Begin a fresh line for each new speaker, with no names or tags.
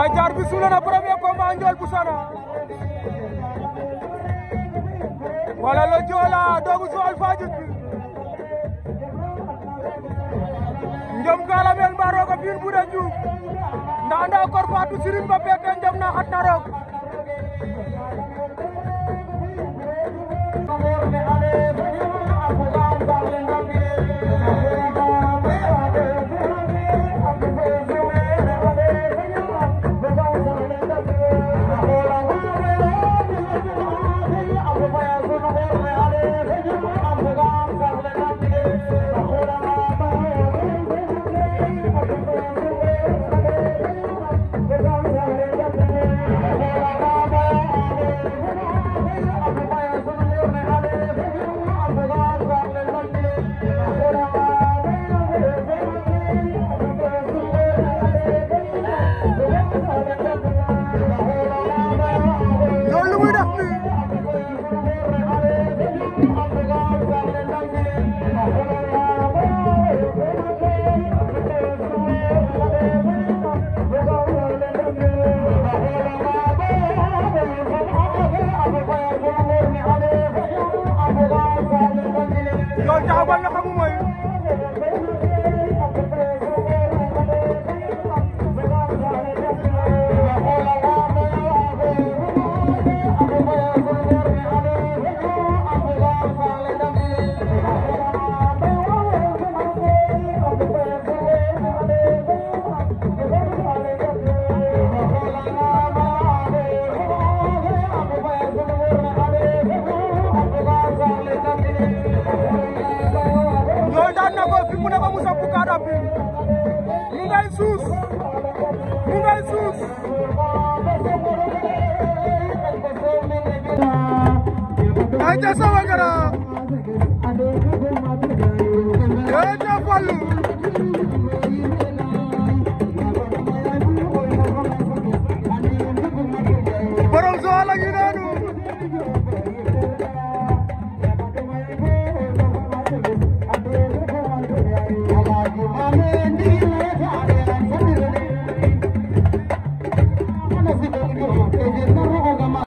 ay jaar bi suula na premier combat bu Sana
wala Joola doomu
Joal Fadiouth
njom gala ba roga biin buda juub nda anda kor faatu ba bete njom na xat na
打完了。
bi mu mu ngay suus mu ngay suus
ay ca Sawagara ay ca Fallu